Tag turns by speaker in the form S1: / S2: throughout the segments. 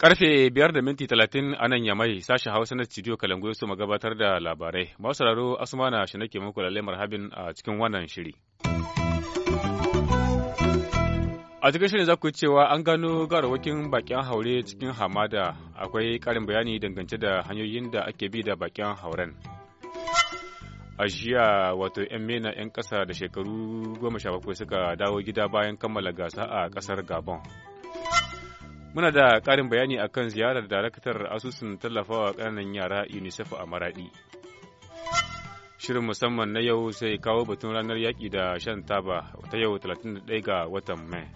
S1: Karfe biyar da minti talatin a nan ya yamai sashen Hausa na studio Kalangu ya ma gabatar da labarai. Masu sauraro Asumana shi nake muku lalle marhabin a cikin wannan shiri. A cikin shirin za ku cewa an gano garawakin bakin haure cikin hamada akwai ƙarin bayani dangance da hanyoyin da ake bi da bakin hauren. A jiya wato 'yan mena 'yan ƙasa da shekaru goma sha bakwai suka dawo gida bayan kammala gasa a ƙasar Gabon. Muna da ƙarin bayani akan ziyarar daraktar asusun tallafawa ƙananan yara UNICEF a Maraɗi. shirin musamman na yau sai kawo batun ranar yaƙi da shan taba ta yau 31 ga watan mai.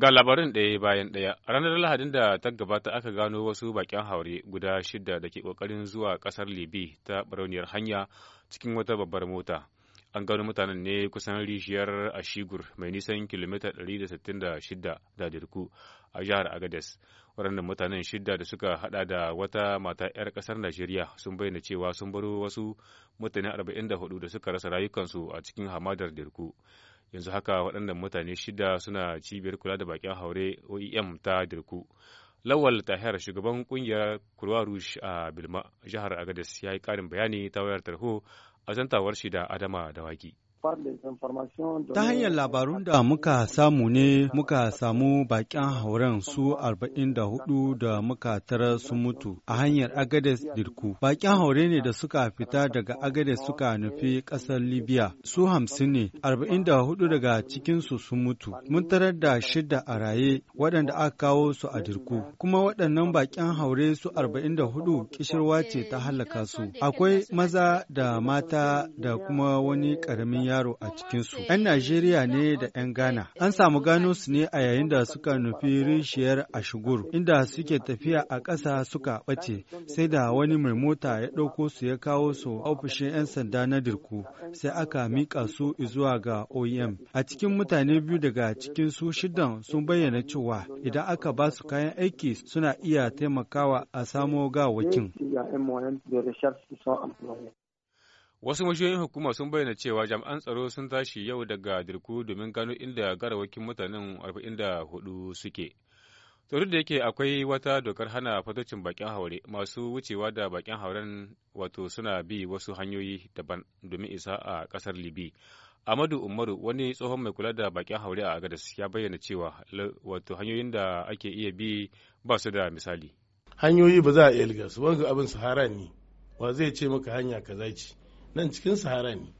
S1: Ga labarin ɗaya bayan ɗaya, ranar Lahadin da ta gabata aka gano wasu bakin haure guda shida da ke ƙoƙarin zuwa ƙasar Libi ta barauniyar hanya cikin wata babbar mota. An gano mutanen ne kusan rishiyar Ashigur mai nisan kilomita 166 da Dirku a jihar Agades. Waɗannan mutanen shida da suka hada da wata mata 'yar ƙasar Najeriya sun bayyana cewa sun baro wasu mutane 44 da suka rasa rayukansu a cikin hamadar Dirku. yanzu haka waɗannan mutane shida suna cibiyar kula da bakin haure oem ta dirku lawal tahir shugaban ƙungiyar kurwa rush a bilma jihar agadis ya yi ƙarin bayani ta wayar tarho a zantawar shi da adama dawaki
S2: Ta hanyar labarun da muka samu ne muka samu bakin hauren su 44 da muka tara su mutu a hanyar Agades Dirku. Bakin haure ne da suka fita daga Agades suka nufi ƙasar Libya. Su hamsin ne, 44 daga cikinsu su mutu. Mun tarar da shida a raye waɗanda aka kawo su a Dirku. Kuma waɗannan bakin haure su 44 kishirwa ce ta halaka su. Akwai maza da mata da kuma wani ƙaramin yaro a cikinsu. 'Yan Najeriya ne da 'yan Ghana. An samu gano su ne a yayin da suka nufi rishiyar a inda suke tafiya a ƙasa suka ɓace, sai da wani mai mota ya ɗauko su ya kawo su ofishin 'yan sanda na dirku, sai aka miƙa su zuwa ga OEM. A cikin mutane biyu daga cikin su shidan sun bayyana cewa idan aka ba su kayan aiki suna iya taimakawa a samo gawakin.
S1: Wasu mashiyoyin hukuma sun bayyana cewa jami'an tsaro sun tashi yau daga dirku domin gano inda garawakin mutanen 44 suke. Tsoro da yake akwai wata dokar hana fatocin bakin haure masu wucewa da bakin hauren wato suna bi wasu hanyoyi daban domin isa a kasar Libi. Amadu Umaru wani tsohon mai kula da bakin haure a Agadas ya bayyana cewa wato hanyoyin da ake iya bi ba su da misali. Hanyoyi ba za a iya ligas, abin sahara ne, wa zai ce maka hanya ka ce. nan cikin sahara ne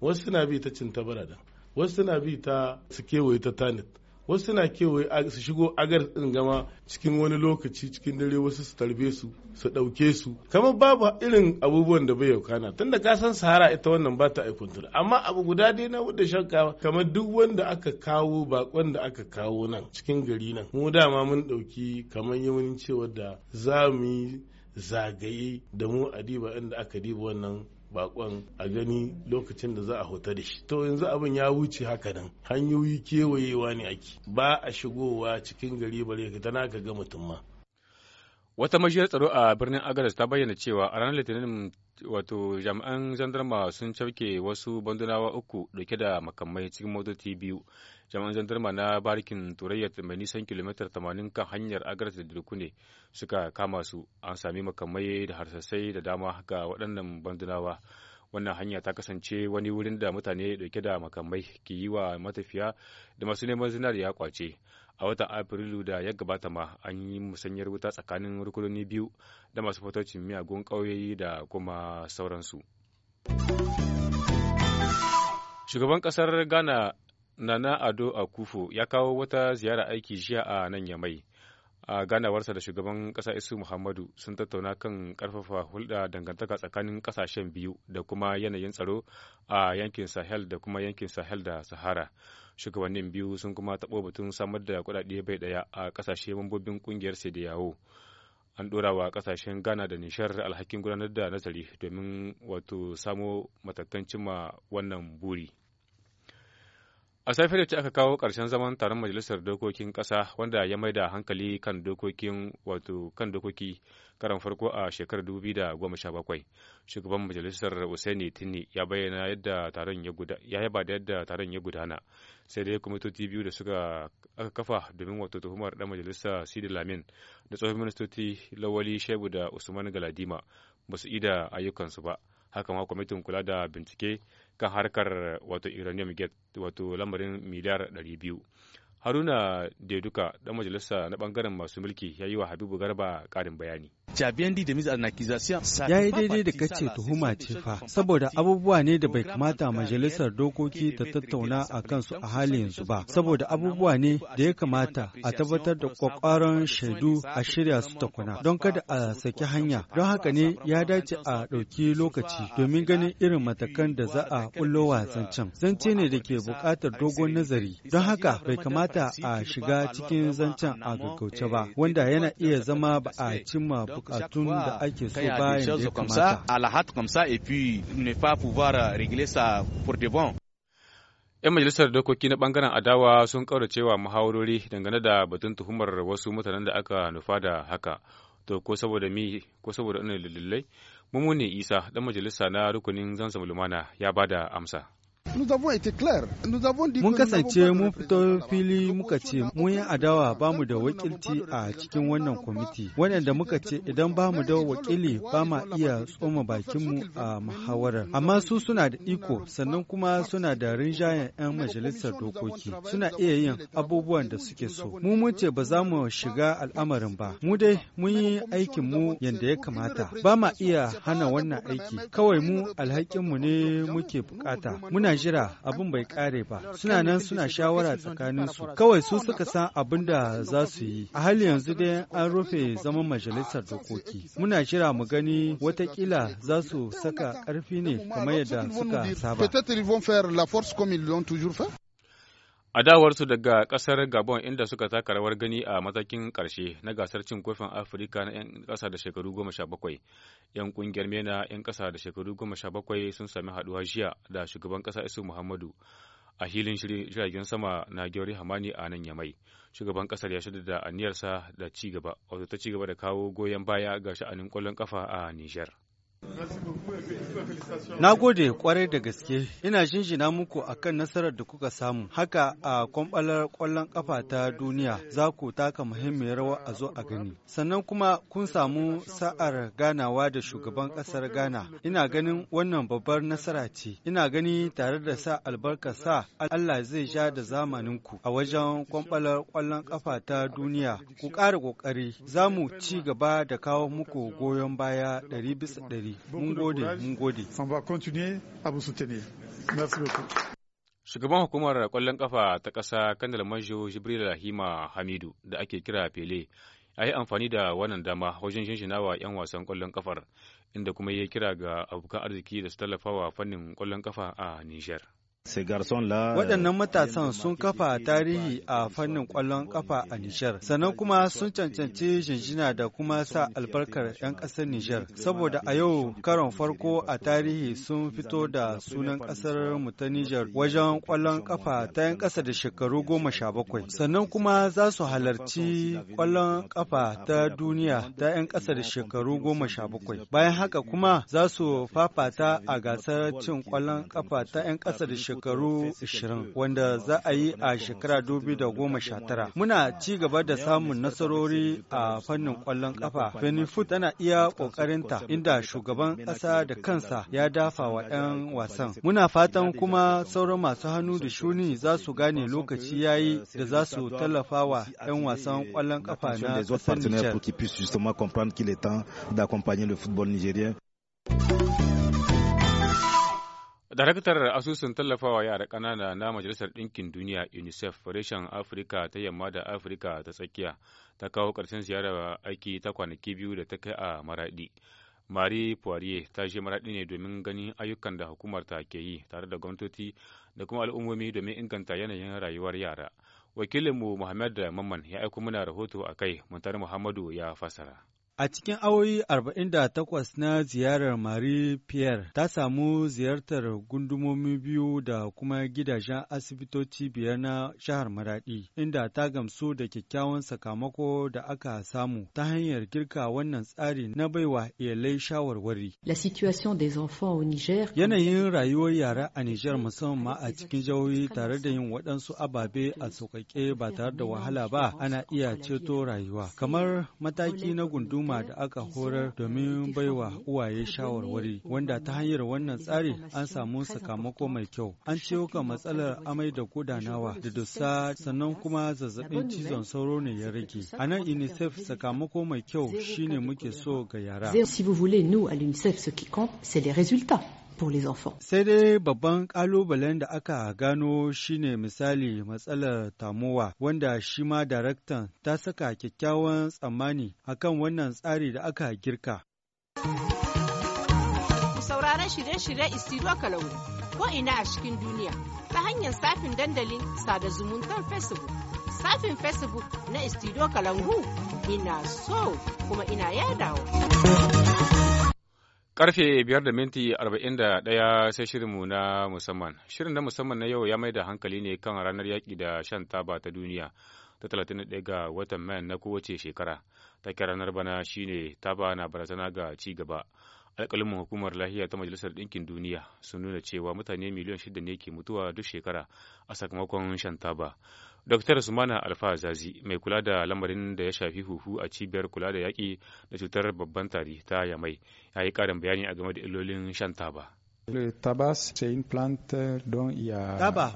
S1: wasu suna bi ta cin barada, wasu suna bi ta su kewaye ta tanit wasu suna kewaye su shigo agar din gama cikin wani lokaci cikin dare wasu su tarbe su su ɗauke su kamar babu irin abubuwan da bai na tunda da san sahara ita wannan ba ta aikuntur amma abu guda dai na wadda shakka kamar duk wanda aka kawo bakon da aka kawo nan cikin gari nan mu dama mun ɗauki kamar yawancin cewa da za mu yi zagaye da mu a diba inda aka diba wannan bakon a gani lokacin da za a hoto da shi to yanzu abin ya wuce haka nan hanyoyi kewayewa ne ake ba a shigowa cikin gari bare ka tana ka ga mutum ma Wata majiyar tsaro a birnin Agadas ta bayyana cewa a ranar Litinin wato jami'an zandarma sun cafke wasu bandunawa uku dauke da makamai cikin motoci biyu. Jami'an zandarma na barikin turayya mai nisan kilomita tamanin kan hanyar Agadas da ne suka kama su an sami makamai da harsasai da dama ga waɗannan bandunawa. wannan hanya ta kasance wani wurin da mutane dauke da makamai ke yi wa matafiya da masu neman zinariya kwace a watan afrilu da ya gabata ma an yi musanyar wuta tsakanin rukunoni biyu da masu fatocin miyagun ƙauye da kuma sauransu shugaban ƙasar ghana nana ado a akufo ya kawo wata ziyara aiki jiya a nan yamai a ganawarsa da shugaban ƙasa isu muhammadu sun tattauna kan karfafa hulɗa dangantaka tsakanin ƙasashen biyu da kuma yanayin tsaro a yankin sahel da kuma yankin sahel da sahara shugabannin biyu sun kuma taɓo batun samar da kuɗaɗe bai ɗaya a ƙasashe mambobin ƙungiyar yawo an ɗora wa ƙasashen ghana da nishar alhakin gudanar da nazari domin wato samo matakan cimma wannan buri. A safe da ce aka kawo ƙarshen zaman taron Majalisar Dokokin Ƙasa wanda ya mai da hankali kan dokokin wato kan dokoki karan farko a shekarar 2017. Shugaban Majalisar Usaini Tini ya bayyana yadda taron ya guda ya yaba da yadda taron ya gudana. Sai dai kwamitoci biyu da suka aka kafa domin wato tuhumar ɗan majalisa Sidi Lamin da tsohon ministoci Lawali Shebu da Usman Galadima ba su ida ayyukansu ba. Haka ma kwamitin kula da bincike kan harkar wato uranium get wato lambarin miliyar 200 Haruna Deduka dan majalisa na bangaren masu mulki ya yi wa Habibu Garba karin bayani. Ya yi daidai da
S2: kace tuhuma ce fa, saboda abubuwa ne da bai kamata majalisar dokoki ta tattauna a kansu a halin yanzu ba, saboda abubuwa ne da ya kamata a tabbatar da kwakwaron shaidu a shirya su takuna don kada a saki hanya. Don haka ne ya dace a ɗauki lokaci domin ganin irin matakan da za a ƙullo wasan can. Zance ne da ke buƙatar dogon nazari, don haka bai kamata kamata a shiga cikin zancen a gaggauce ba wanda yana iya zama ba a cimma bukatun da ake so bayan da kamata.
S1: Euh, 'Yan majalisar dokoki na bangaren adawa sun cewa muhawarori dangane da batun tuhumar wasu mutanen da aka nufa da haka. To ko saboda mi ko saboda ina mummuni Isa dan majalisa na rukunin Zansa Lumana ya ba da amsa.
S2: Mun
S1: kasance mun
S2: fito fili muka ce mun yi adawa ba mu da wakilci a cikin wannan kwamiti. Waɗanda muka ce idan ba mu da wakili ba ma iya tsoma bakinmu a muhawarar. Amma su suna da iko sannan kuma suna da rinjayen 'yan majalisar dokoki. Suna iya yin abubuwan da suke so. Mu mun ce ba za mu shiga al'amarin ba. Mu dai mun yi aikin mu yadda ya kamata. Ba ma iya hana wannan aiki. Kawai mu alhakinmu ne muke bukata. Muna jira abin bai kare ba suna nan suna shawara tsakanin su kawai su suka san abin da za su yi a hali yanzu dai an rufe zaman majalisar dokoki muna jira mu gani watakila za su saka ƙarfi ne kamar yadda suka saba
S1: A dawarsu daga kasar Gabon inda suka taka rawar gani a matakin karshe na gasar cin kofin Afirka na 'yan kasa da shekaru goma sha bakwai. 'Yan ƙungiyar MENA 'yan kasa da shekaru goma sha bakwai sun sami haɗuwa jiya da shugaban kasa Isu Muhammadu a hilin jiragen sama na Gyori Hamani a nan Yamai. Shugaban kasar ya shaida da aniyarsa da ci gaba, wato ta ci gaba da kawo goyon baya ga sha'anin kwallon kafa a niger.
S2: Na gode kwarai da gaske, ina jinjina muku akan nasarar da kuka samu. Haka a kwambalar ƙwallon ƙafa ta duniya za ku taka muhimmiyar rawa a zo a gani. Sannan kuma kun samu sa'ar ganawa da shugaban ƙasar Ghana. Ina ganin wannan babbar nasara ce. Ina gani tare da sa albarka sa Allah zai sha da zamaninku a wajen kwambalar kwallon ƙafa ta duniya. Ku ƙara ƙoƙari, za mu ci gaba da kawo muku goyon baya ɗari bisa ɗari. Mali.
S1: Shugaban hukumar kwallon kafa ta ƙasa Kandal Majo Jibril Rahima Hamidu da ake kira Pele a yi amfani da wannan dama wajen shinshinawa 'yan wasan kwallon kafar inda kuma ya kira ga abokan arziki da su tallafawa fannin kwallon kafa a Nijar.
S2: Waɗannan matasan sun kafa tarihi a fannin ƙwallon ƙafa a Nijar, sannan kuma sun cancanci jinjina da kuma sa albarkar 'yan ƙasar Nijar, saboda a yau karon farko a tarihi sun fito da sunan ƙasar mu ta Nijar wajen ƙwallon ƙafa ta 'yan ƙasa da shekaru goma sha bakwai. Sannan kuma za su halarci ƙwallon ƙafa ta duniya ta 'yan ƙasa da shekaru goma sha bakwai. Bayan haka kuma za su fafata a gasar cin ƙwallon ƙafa ta 'yan ƙasa da shekaru shekaru 20 wanda za a yi a shekara tara Muna ci gaba da samun nasarori a fannin kwallon kafa Benifut tana iya ƙoƙarinta inda shugaban ƙasa da kansa ya dafa wa 'yan wasan. Muna fatan kuma sauran masu hannu da shuni za su gane lokaci ya yi da za su tallafa wa 'yan wasan kwallon kafa na ƙasar Nijar.
S1: Daraktar asusun tallafawa yara ƙanana na Majalisar Ɗinkin Duniya UNICEF reshen Afirka ta yamma da Afirka ta tsakiya ta kawo ƙarshen ziyarar aiki ta kwanaki biyu da ta kai a Maraɗi. Marie Poirier ta je maraɗi ne domin ganin ayyukan da hukumar ta ke yi tare da gwamnatoci da kuma al'ummomi domin inganta yanayin rayuwar yara. Wakilinmu Muhammad Mamman ya aiko mana rahoto a kai, Muntari Muhammadu ya fasara.
S2: A cikin awoyi 48 na ziyarar Marie Pierre ta samu ziyartar gundumomi biyu da kuma gidajen asibitoci biyar na shahar Maradi, inda ta gamsu da kyakkyawan sakamako da aka samu ta hanyar girka wannan tsari na baiwa iyalai shawarwari. La situation des enfants au Niger. Yanayin rayuwar yara a Niger musamman a cikin jihohi tare da yin waɗansu ababe a sauƙaƙe ba tare da wahala ba ana iya ceto rayuwa. Kamar mataki na gunduma al'umma da aka horar domin baiwa uwaye shawarwari wanda ta hanyar wannan tsari an samu sakamako mai kyau an ciwo ka matsalar amai da gudanawa da dusa sannan kuma zazzabin cizon sauro ne ya rage a nan unicef sakamako mai kyau shine muke so ga yara pour les enfants. Sai dai babban kalubalen da aka gano shine misali matsalar tamowa wanda shi ma daraktan ta saka kyakkyawan tsammani akan wannan tsari da aka girka. Sauraron shirye-shirye Istiro Kalau ko ina a cikin duniya ta hanyar safin dandalin sada zumuntar Facebook. Safin Facebook na Istiro Kalangu ina so kuma ina yadawa.
S1: Karfe biyar da minti arba'in da ɗaya sai shirinmu na musamman. Shirin na musamman na yau ya mai da hankali ne kan ranar yaƙi da shan taba ta duniya ta talatin ga watan Mayan na kowace shekara. Take ranar bana shine taba na barazana ga ci gaba. alƙalin hukumar lahiya ta majalisar ɗinkin duniya sun nuna cewa mutane miliyan shida ne ke mutuwa duk shekara a sakamakon shan taba Dr. Sumana Alfa Zazi mai kula da lamarin da ya shafi huhu a cibiyar kula da yaƙi da cutar babban tari ta Yamai ya yi ƙarin bayani a game da illolin shan taba.
S2: Taba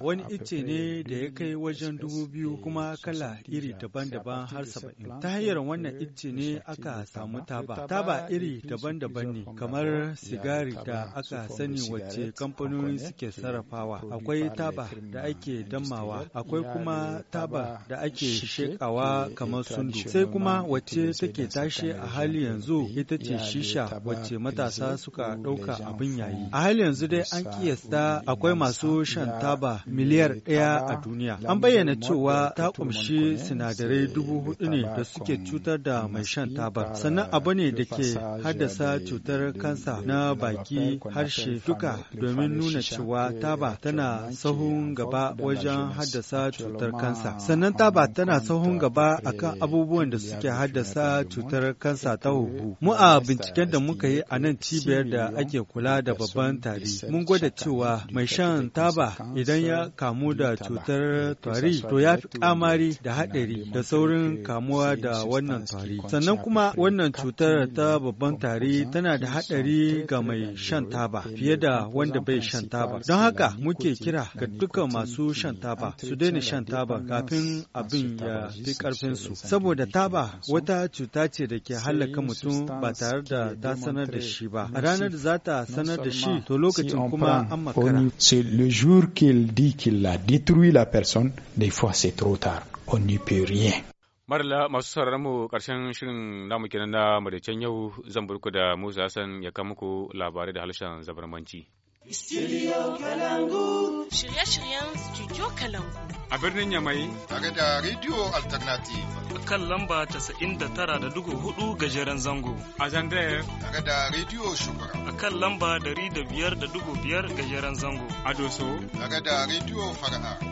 S2: wani ice ne da ya kai wajen dubu biyu kuma kala iri daban-daban har saba'in. Ta hanyar wannan ice ne aka samu taba. Taba iri daban-daban ne kamar sigari da aka sani wacce kamfanoni suke sarrafawa. Akwai taba da ake dammawa, akwai kuma taba da ake shekawa kamar sundu. Sai kuma wacce take tashi a hali yanzu ita ce shisha wacce matasa suka ɗauka abin yayi. A hali yanzu dai an kiyasta akwai masu shan taba miliyar ɗaya a duniya. An bayyana cewa ta ƙumshi sinadarai dubu hudu ne da suke cutar da mai shan tabar. Sannan abu ne da ke haddasa cutar kansa na baki harshe duka domin nuna cewa taba tana sahun gaba wajen haddasa cutar kansa. Sannan taba tana sahun gaba akan abubuwan da suke haddasa cutar kansa ta huhu. Mu a binciken da muka yi a nan cibiyar da ake kula da babban tari mun gwada cewa mai shan taba idan ya kamu da cutar tari to ya fi kamari da haɗari da saurin kamuwa da wannan tari sannan kuma wannan cutar ta babban tari tana da haɗari ga mai shan taba fiye da wanda bai shan taba don haka muke kira ga dukkan masu shan taba su daina shan taba kafin abin ya fi ƙarfinsu saboda taba wata cuta ce da ke hallaka mutum ba tare da ta sanar da shi ba a ranar da za ta sanar
S1: da shi to lokacin kuma an makara
S2: c'est le jour qu'il dit qu'il a détruit la
S1: personne des fois c'est trop tard on n'y peut rien marla masu sauraron mu karshen shirin namu kenan na madaicen yau zan burku da Musa Hassan ya kawo muku labarai da halshen zabarmanci Studio
S2: Kalangu. Shirye-shiryen Studio Kalangu.
S1: A birnin Yamai. Tare da Radio Alternative. A kan lamba
S2: tara da dugu hudu gajeren zango. A Zandaya. Tare da Radio Shukura. A kan lamba dari da da biyar gajeren zango. A Doso. Tare da Radio Fara'a.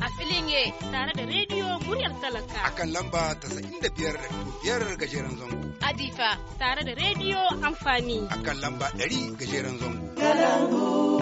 S2: a filin ye tare da rediyo muryar talaka akan lamba da biyar biyar gajeren zango adifa tare da rediyo amfani
S1: akan lamba ɗari gajeren
S2: zango